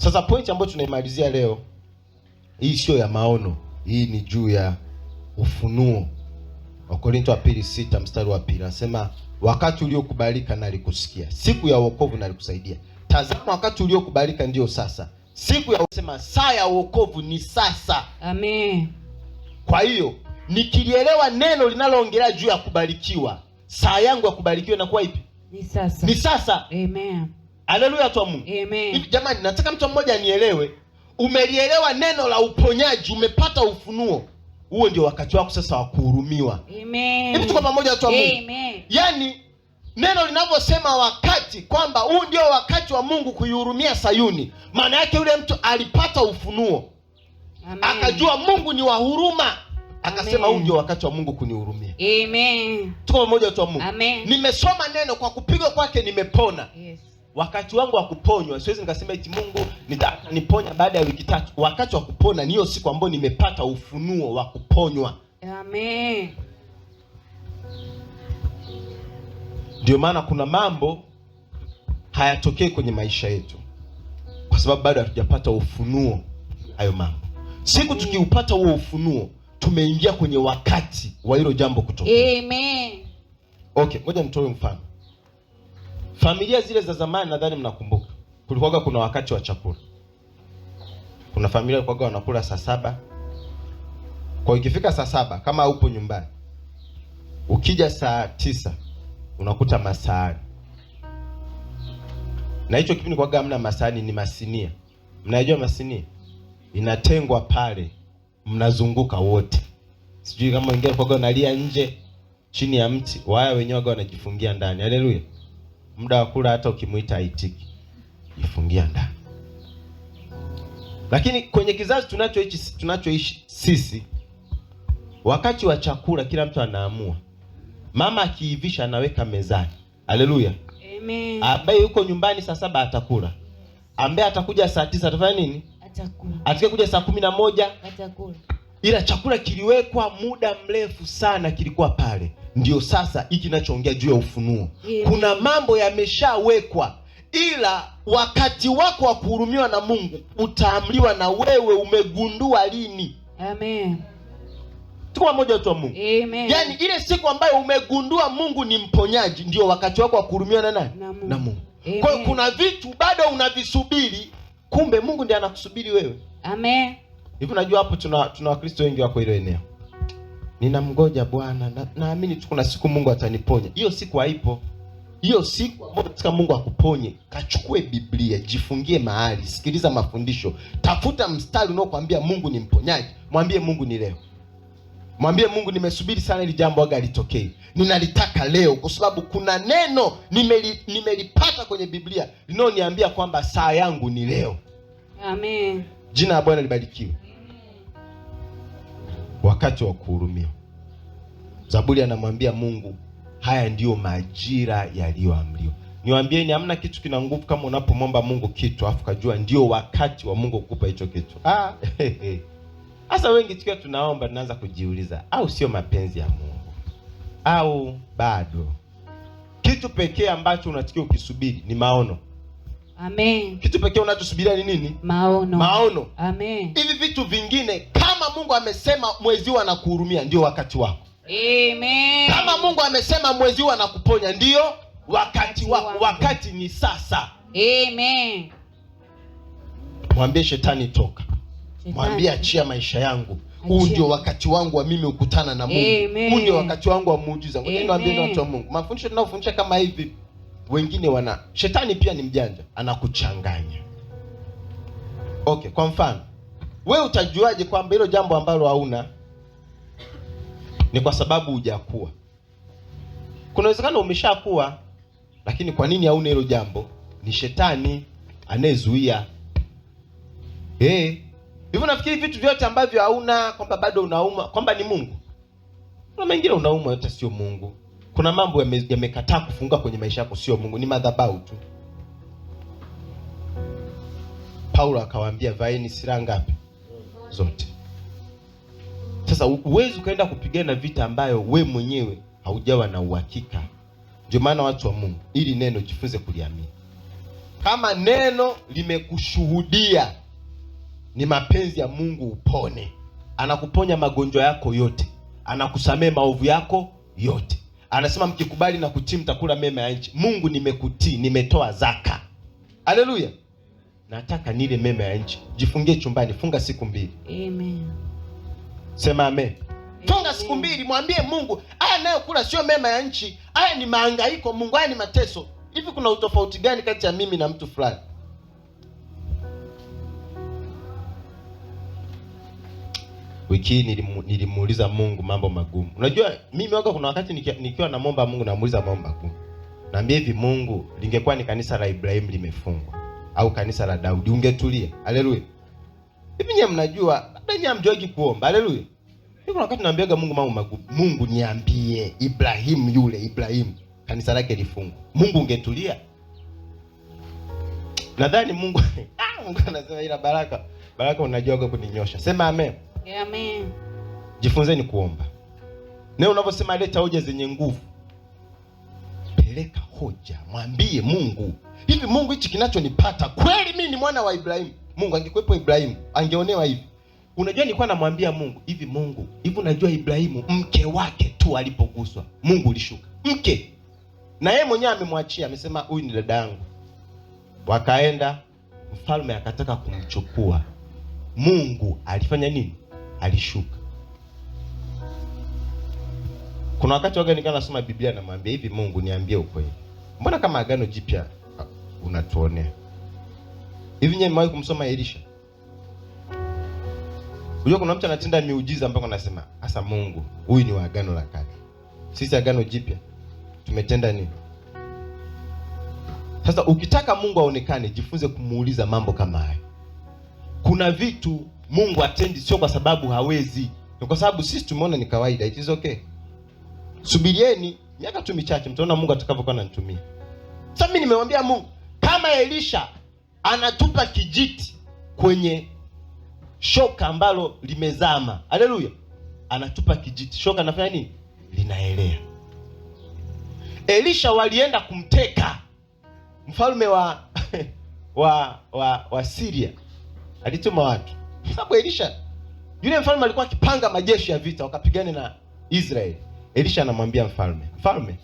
Sasa point ambayo tunaimalizia leo hii sio ya maono, hii ni juu ya ufunuo. wakorinto wa pili sita mstari wa pili anasema wakati uliokubalika nalikusikia, siku ya wokovu nalikusaidia. Tazama, wakati uliokubalika ndiyo sasa, siku ya sema, saa ya wokovu ni sasa. Amen. Kwa hiyo nikilielewa neno linaloongelea juu ya kubarikiwa, saa yangu ya kubarikiwa inakuwa ipi? Ni sasa, ni sasa. Amen. Haleluya, watu Mungu. Amen. Jamani, nataka mtu mmoja anielewe. Umelielewa neno la uponyaji, umepata ufunuo huo, ndio wakati wako sasa wa kuhurumiwa. hivi tuko pamoja, watu wa Mungu. Yaani neno linavyosema wakati kwamba huu ndio wakati wa Mungu kuihurumia Sayuni, maana yake yule mtu alipata ufunuo Amen. Akajua Mungu ni wa huruma, akasema huu ndio wakati wa Mungu kunihurumia. Amen. Tuko pamoja, watu mungu Amen. Nimesoma neno, kwa kupigwa kwake nimepona. Yes wakati wangu wa kuponywa, siwezi nikasema eti Mungu nitaniponya baada ya wiki tatu. Wakati wa kupona ni hiyo siku ambayo nimepata ufunuo wa kuponywa. Amen. Ndio maana kuna mambo hayatokei kwenye maisha yetu kwa sababu bado hatujapata ufunuo hayo mambo. Siku tukiupata huo ufunuo, tumeingia kwenye wakati wa hilo jambo kutokea. Amen. Okay, ngoja nitoe mfano. Familia zile za zamani nadhani mnakumbuka, kulikuwaga kuna wakati wa chakula, kuna familia ilikuwaga wanakula saa saba. Kwa ikifika saa saba kama upo nyumbani, ukija saa tisa unakuta masahani, na hicho kipindi kwaga hamna masahani, ni masinia. Mnajua masinia inatengwa pale, mnazunguka wote, sijui kama wengine kwaga wanalia nje chini ya mti, waya wenyewe waga wanajifungia ndani. Haleluya! muda wa kula, hata ukimwita aitiki jifungia ndani. Lakini kwenye kizazi tunachoishi tunachoishi sisi, wakati wa chakula kila mtu anaamua. Mama akiivisha anaweka mezani. Haleluya, amen. Ambaye yuko nyumbani saa saba atakula, ambaye atakuja saa tisa atafanya nini? Atakula. Atakuja kuja saa kumi na moja atakula ila chakula kiliwekwa muda mrefu sana, kilikuwa pale. Ndio sasa hiki kinachoongea juu ya ufunuo, yeah. Kuna mambo yameshawekwa, ila wakati wako wa kuhurumiwa na Mungu utaamliwa na wewe umegundua lini. Amen. Tuko pamoja watu wa Mungu. Amen. Yaani ile siku ambayo umegundua Mungu ni mponyaji ndio wakati wako wa kuhurumiwa na nani? Na Mungu, Kwa hiyo kuna vitu bado unavisubiri, kumbe Mungu ndiye anakusubiri wewe. Amen. Hivi najua hapo tuna tuna Wakristo wengi wako hilo eneo. Ninamngoja Bwana na, naamini tu kuna siku Mungu ataniponya. Hiyo siku haipo. Hiyo siku ambayo nataka Mungu akuponye, kachukue Biblia, jifungie mahali, sikiliza mafundisho, tafuta mstari unaokuambia Mungu ni mponyaji, mwambie Mungu ni leo. Mwambie Mungu nimesubiri sana ili jambo aga litokee. Ninalitaka leo kwa sababu kuna neno nimeli, nimelipata kwenye Biblia linaloniambia kwamba saa yangu ni leo. Amen. Jina la Bwana libarikiwe wakati wa kuhurumiwa. Zaburi anamwambia Mungu, haya ndiyo majira yaliyoamriwa. Niwaambieni, hamna kitu kina nguvu kama unapomwomba Mungu kitu afu kajua ndio wakati wa Mungu kukupa hicho kitu. Ah, hasa wengi tukiwa tunaomba tunaanza kujiuliza, au sio mapenzi ya Mungu au bado. Kitu pekee ambacho unatakiwa ukisubiri ni maono. Amen. Kitu pekee unachosubiria ni nini? Maono. Maono. Amen. Hivi vitu vingine ka kama Mungu amesema mwezi huu anakuhurumia, ndio wakati wako. Amen. Kama Mungu amesema mwezi huu anakuponya, ndio wakati wako. Wakati ni sasa. Amen. Mwambie shetani toka, mwambie achia maisha yangu huu ndio wakati wangu wa mimi kukutana na Mungu. Huu ndio wakati wangu wa muujiza. Niwaambie na watu wa Mungu, mafundisho tunaofundisha kama hivi, wengine wana shetani pia ni mjanja, anakuchanganya. Okay, kwa mfano We utajuaje kwamba hilo jambo ambalo hauna ni kwa sababu hujakuwa? Kuna uwezekano umeshakuwa, lakini kwa nini hauna hilo jambo? Ni shetani anayezuia. Eh, hivyo nafikiri vitu vyote ambavyo hauna kwamba bado unauma kwamba ni Mungu. Kuna mengine unauma yote sio Mungu. Kuna mambo yamekataa yame kufunga kwenye maisha yako, sio Mungu, ni madhabahu tu. Paulo akawaambia, vaeni silaha ngapi? zote. Sasa huwezi ukaenda kupigana vita ambayo we mwenyewe haujawa na uhakika. Ndio maana watu wa Mungu, ili neno jifunze kuliamini. Kama neno limekushuhudia ni mapenzi ya Mungu upone, anakuponya magonjwa yako yote, anakusamee maovu yako yote. Anasema mkikubali na kutii mtakula mema ya nchi. Mungu, nimekutii, nimetoa zaka. Haleluya! nataka nile mema ya nchi. Jifungie chumbani, funga siku mbili. Amen. Sema amen. Amen. Funga siku mbili, mwambie Mungu haya anayokula sio mema ya nchi, haya ni mahangaiko, Mungu haya ni mateso. Hivi kuna utofauti gani kati ya mimi na mtu fulani? Wiki hii nilimu, nilimuuliza Mungu mambo magumu. Unajua mimi waka kuna wakati nikiwa, nikiwa namwomba Mungu namuuliza mambo magumu, naambia hivi, Mungu, lingekuwa ni kanisa la Ibrahimu limefungwa au kanisa la Daudi, ungetulia. Haleluya! Hivi nyie mnajua, labda nyie hamjawahi kuomba. Haleluya! Hivi Kuna wakati naambiaga Mungu mambo magumu, Mungu niambie, Ibrahimu yule Ibrahimu kanisa lake lifungwe, Mungu ungetulia? Nadhani Mungu ah, Mungu anasema ila Baraka, Baraka unajua kwa kuninyosha. Sema amen. Amen. Jifunzeni kuomba. Leo unaposema leta hoja zenye nguvu peleka hoja, mwambie Mungu, hivi Mungu, hichi kinachonipata kweli, mi ni mwana wa Ibrahimu? Mungu angekuwepo Ibrahimu angeonewa hivi? Unajua, nilikuwa namwambia Mungu hivi, Mungu hivi, unajua Ibrahimu mke wake tu alipoguswa, Mungu ulishuka mke, na yeye mwenyewe amemwachia, amesema huyu ni dada yangu. Wakaenda, mfalme akataka kumchukua, Mungu alifanya nini? Alishuka. Kuna wakati waga nikawa nasoma Biblia namwambia hivi, Mungu niambie ukweli, mbona kama agano jipya ah, unatuonea hivi? Nyewe mmewahi kumsoma Elisha? Unajua kuna mtu anatenda miujiza mpaka anasema asa, Mungu huyu ni wa agano la kale, sisi agano jipya tumetenda nini? Sasa ukitaka Mungu aonekane, jifunze kumuuliza mambo kama haya. Kuna vitu Mungu atendi sio kwa sababu hawezi, ni kwa sababu sisi tumeona ni kawaida. It is okay subirieni miaka tu michache, mtaona Mungu atakavyokuwa ananitumia. Sasa mimi nimemwambia Mungu, kama Elisha anatupa kijiti kwenye shoka ambalo limezama, haleluya, anatupa kijiti, shoka nafanya nini? Linaelea. Elisha walienda kumteka mfalme wa wa wa wa Syria, alituma watu, sababu Elisha yule mfalme alikuwa akipanga majeshi ya vita wakapigane na Israeli. Elisha anamwambia mfalme, mfalme,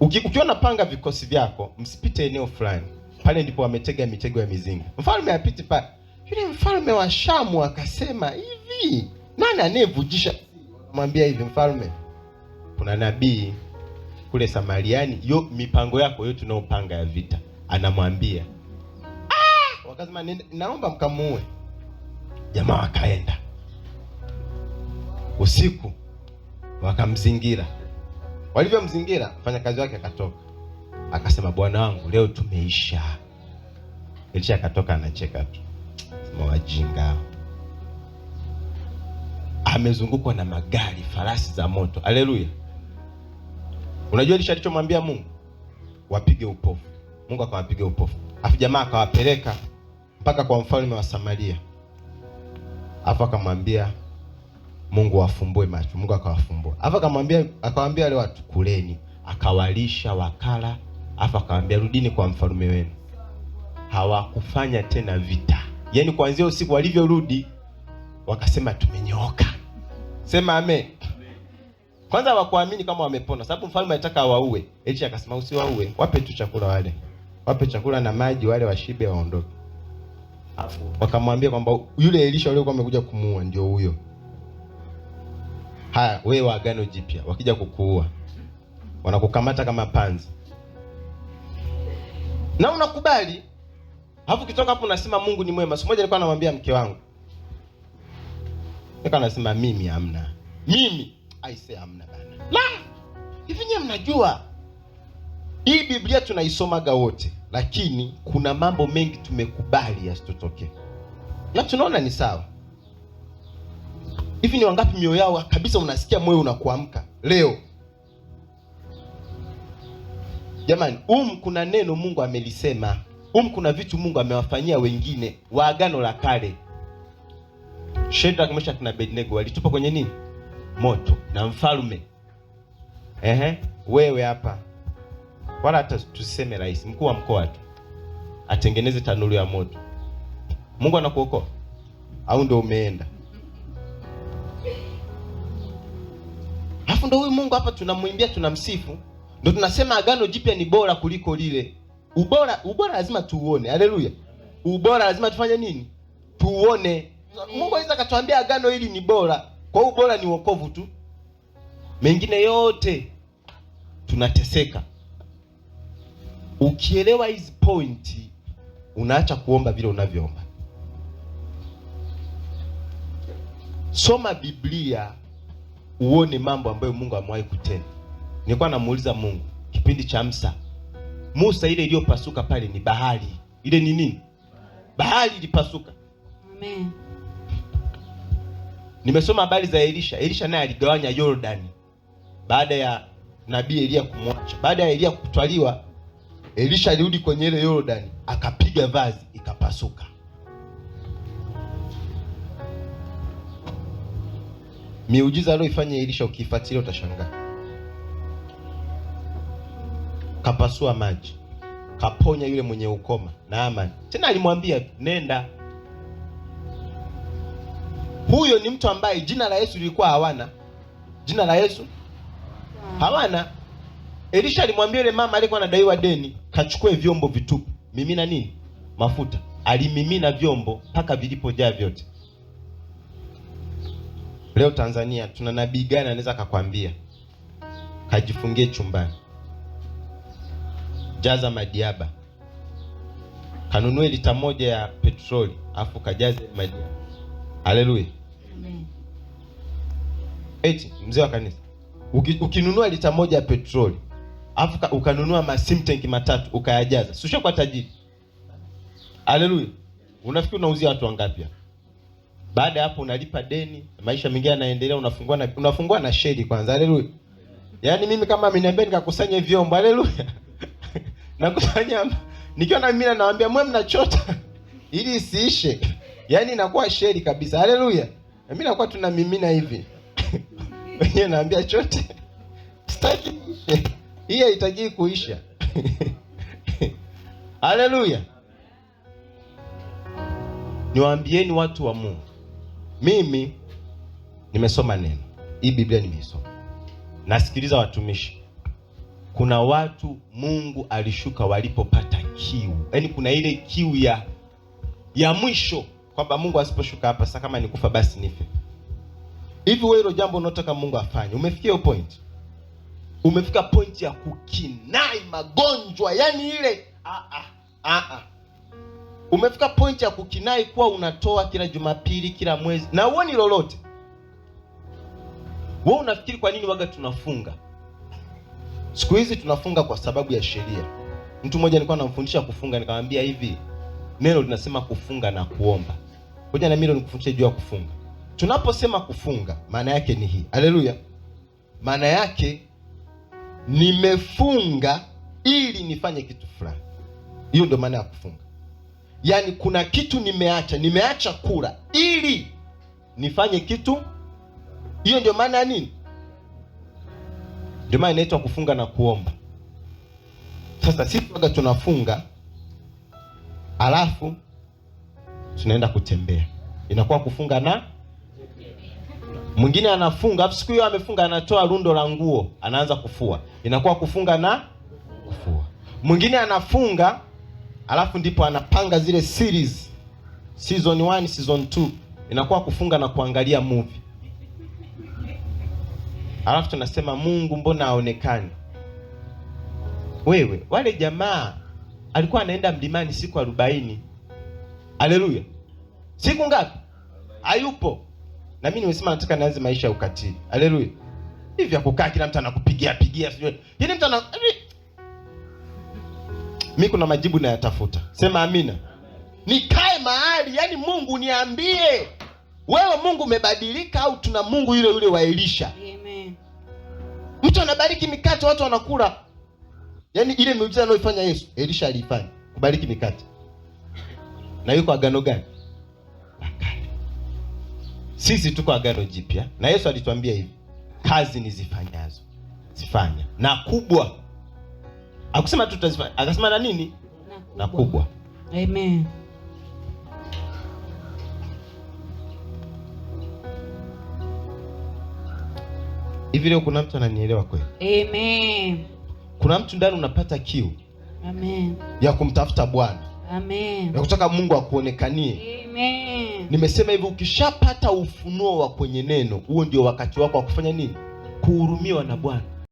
ukiona panga vikosi vyako msipite eneo fulani, pale ndipo wametega mitego ya mizinga. Mfalme apiti pale. Yule mfalme wa Shamu akasema hivi, nani anayevujisha? Mwambia hivi, mfalme, kuna nabii kule Samariani, yo mipango yako yote unaopanga ya vita, anamwambia ah! Wakasema naomba mkamuue. Jamaa wakaenda usiku wakamzingira. Walivyomzingira, mfanyakazi wake akatoka, akasema bwana wangu, leo tumeisha. Elisha akatoka anacheka tu, wajinga, amezungukwa na magari, farasi za moto. aleluya Unajua Elisha alichomwambia Mungu? Wapige upofu. Mungu akawapiga upofu, afu jamaa akawapeleka mpaka kwa mfalme wa Samaria, afu akamwambia Mungu wafumbue macho, Mungu akawafumbua. Alafu akamwambia akawaambia wale watu kuleni, akawalisha wakala, alafu akamwambia rudini kwa mfalme wenu. Hawakufanya tena vita, yaani kuanzia usiku walivyorudi wakasema tumenyooka. Sema ame. Kwanza hawakuamini kama wamepona, sababu mfalme alitaka awaue. Elisha akasema usiwaue, wape tu chakula wale, wape chakula na maji wale, washibe waondoke. Afu Wakamwambia kwamba yule Elisha aliyekuwa amekuja kumuua ndio huyo. Haya, wewe wa agano jipya, wakija kukuua wanakukamata kama panzi na unakubali, alafu kitoka hapo unasema Mungu ni mwema. simoja moja nilikuwa namwambia mke wangu, nilikuwa nasema mimi amna mimi aise, amna bana la hivi. Nyie mnajua hii Biblia tunaisomaga wote, lakini kuna mambo mengi tumekubali yasitotokee na tunaona ni sawa hivi ni wangapi mioyo yao kabisa unasikia moyo unakuamka leo jamani um kuna neno mungu amelisema um kuna vitu mungu amewafanyia wengine wa agano la kale Shadrach, Meshach na walitupa kwenye nini moto na mfalme ehe wewe hapa wala hata tuseme rais mkuu wa mkoa tu atengeneze tanuru ya moto mungu anakuokoa au ndio umeenda Alafu ndo huyu Mungu hapa tunamwimbia, tunamsifu, ndo tunasema agano jipya ni bora kuliko lile. Ubora ubora lazima tuuone. Haleluya! Ubora lazima tufanye nini? Tuuone. Mungu aweza akatuambia agano hili ni bora, kwa hiyo bora ni wokovu tu, mengine yote tunateseka. Ukielewa hizi pointi, unaacha kuomba vile unavyoomba. Soma Biblia uone mambo ambayo Mungu amewahi kutenda. Nilikuwa namuuliza Mungu kipindi cha Musa, Musa, ile iliyopasuka pale ni bahari, ile ni nini? Bahari ilipasuka. Amen. Nimesoma habari za Elisha. Elisha naye aligawanya Yordani baada ya nabii Elia kumwacha. Baada ya Elia kutwaliwa, Elisha alirudi kwenye ile Yordani akapiga vazi ikapasuka. Miujiza aliyoifanya Elisha ukifuatilia utashangaa. Kapasua maji, kaponya yule mwenye ukoma Naamani. Tena alimwambia nenda. Huyo ni mtu ambaye jina la Yesu lilikuwa hawana. Jina la Yesu hawana. Elisha alimwambia yule mama aliyekuwa anadaiwa deni, kachukue vyombo vitupu, mimina nini? Mafuta. Alimimina vyombo mpaka vilipojaa vyote. Leo Tanzania tuna nabii gani anaweza akakwambia kajifungie chumbani, jaza madiaba, kanunue lita moja ya petroli afu kajaze madiaba? Haleluya, amen. Eti mzee wa kanisa, ukinunua lita moja ya petroli afu ukanunua tank matatu ukayajaza, sio kwa tajiri. Haleluya, unafikiri unauzia watu wangapi? Baada ya hapo unalipa deni, maisha mengine yanaendelea, unafungua na unafungua na shedi kwanza. Haleluya. Yaani mimi kama ameniambia nikakusanya vyombo, haleluya. Nakusanya nikiwa na mimi naambia mwe mnachota ili isiishe. Yaani inakuwa shedi kabisa. Haleluya. Na mimi nakuwa tuna mimi na hivi. Wenyewe naambia chote. Sitaki. Hii haitaki kuisha. Haleluya. Niwaambieni watu wa Mungu mimi nimesoma neno hii, Biblia nimeisoma, nasikiliza watumishi. Kuna watu Mungu alishuka walipopata kiu, yaani kuna ile kiu ya ya mwisho kwamba Mungu asiposhuka hapa sasa, kama nikufa basi nife. Hivi wewe hilo jambo unaotaka Mungu afanye, umefikia hiyo point? Umefika point ya kukinai magonjwa, yani ile a a a Umefika pointi ya kukinai kuwa unatoa kila Jumapili, kila mwezi na huoni lolote. Wewe unafikiri kwa nini waga tunafunga? Siku hizi tunafunga kwa sababu ya sheria. Mtu mmoja nilikuwa namfundisha kufunga, nikamwambia hivi, neno linasema kufunga na kuomba. Ngoja na mimi nikufundishe juu ya kufunga. Tunaposema kufunga, maana yake ni hii. Haleluya! maana yake nimefunga ili nifanye kitu fulani. Hiyo ndio maana ya kufunga. Yaani kuna kitu nimeacha, nimeacha kula ili nifanye kitu. Hiyo ndio maana ya nini? Ndio maana inaitwa kufunga na kuomba. Sasa sisi waga tunafunga alafu tunaenda kutembea, inakuwa kufunga na mwingine anafunga, afu siku hiyo amefunga, anatoa rundo la nguo, anaanza kufua, inakuwa kufunga na kufua. Mwingine anafunga alafu ndipo anapanga zile series season 1, season 2 inakuwa kufunga na kuangalia movie. Alafu tunasema Mungu, mbona aonekani Wewe wale jamaa alikuwa anaenda mlimani siku arobaini. Haleluya! siku ngapi? Hayupo. Na mimi nimesema nataka nianze maisha ya ukatili. Haleluya! hivi ya kukaa kila mtu anakupigia pigia, sijui yaani mtu ana yaani mi kuna majibu nayatafuta. Sema amina. Nikae mahali, yani Mungu niambie, wewe Mungu umebadilika au tuna Mungu yule yule wa Elisha? Amen. Mtu anabariki mikate watu wanakula, yani ile miujiza anayoifanya Yesu, Elisha aliifanya kubariki mikate, na yuko agano gani? Sisi tuko agano jipya, na Yesu alituambia hivi, kazi nizifanyazo zifanya na kubwa Akusema tu tutazifanya, akasema na nini na kubwa. Amen. Hivi leo kuna mtu ananielewa kweli? Amen. Kuna mtu ndani unapata kiu Amen. ya kumtafuta Bwana Amen. ya kutaka Mungu akuonekanie. Amen. Nimesema hivi, ukishapata ufunuo wa kwenye neno, huo ndio wakati wako wa kufanya nini? Kuhurumiwa na Bwana.